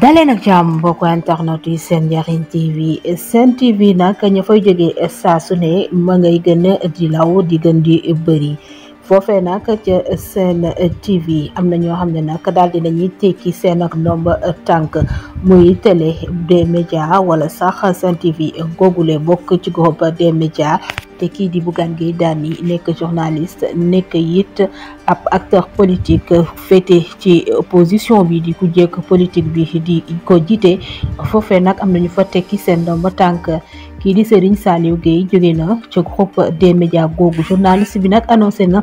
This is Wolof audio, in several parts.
dalee nag jàmm mbokk internet yi seen njariñ tv seen tv nag ña fay jógee saa su ne ma ngay gën di law di gën di bëri foofee nag ca seen tv am na ñoo xam ne nag daal di nañuy tekki seen ak ndomb tànk muy télé des médias wala sax seen tv googule bokk ci groupe des médias te kii di Bougane Gueye Dany nek journaliste nek yit ab acteur politique féete ci opposition bi di ku jek politique bi di ko jité fofé nak am nañu fa tekki seen ndomba tank ki di Serigne Saliou Gueye jóge na ci groupe des médias googu journaliste bi nak annoncé na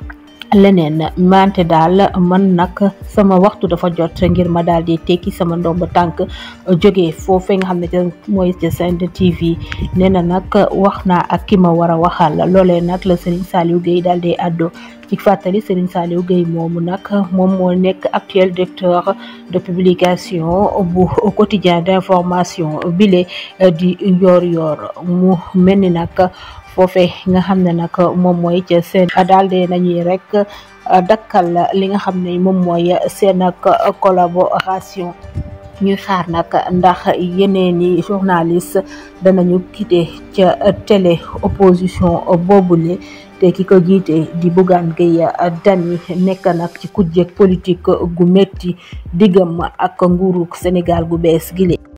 leneen mante daal man nag sama waxtu dafa jot ngir ma daal di tekki sama ndomb tànk uh, jógee foofee nga xam ne mooy ci Sen TV nee na nag wax naa ak ki ma war a waxal loolee nag la Serigne Saliou Gueye daal di àddoo ci fàttali Serigne Saliou Gueye moomu nag moom moo nekk actuel directeur de publication bu quotidien d'information bile uh, di yoor yoor mu mel ni nag foofee nga xam ne nag moom mooy ca seen daal de nañuy rek dakkal li nga xam ne moom mooy seen ak collaboration ñuy xaar nag ndax yeneen i journaliste danañu kiite ca télé opposition boobule te ki ko jiite di Bougane Gueye Dany nekk nag ci kujje politique gu métti diggam ak nguuru Sénégal gu bees gi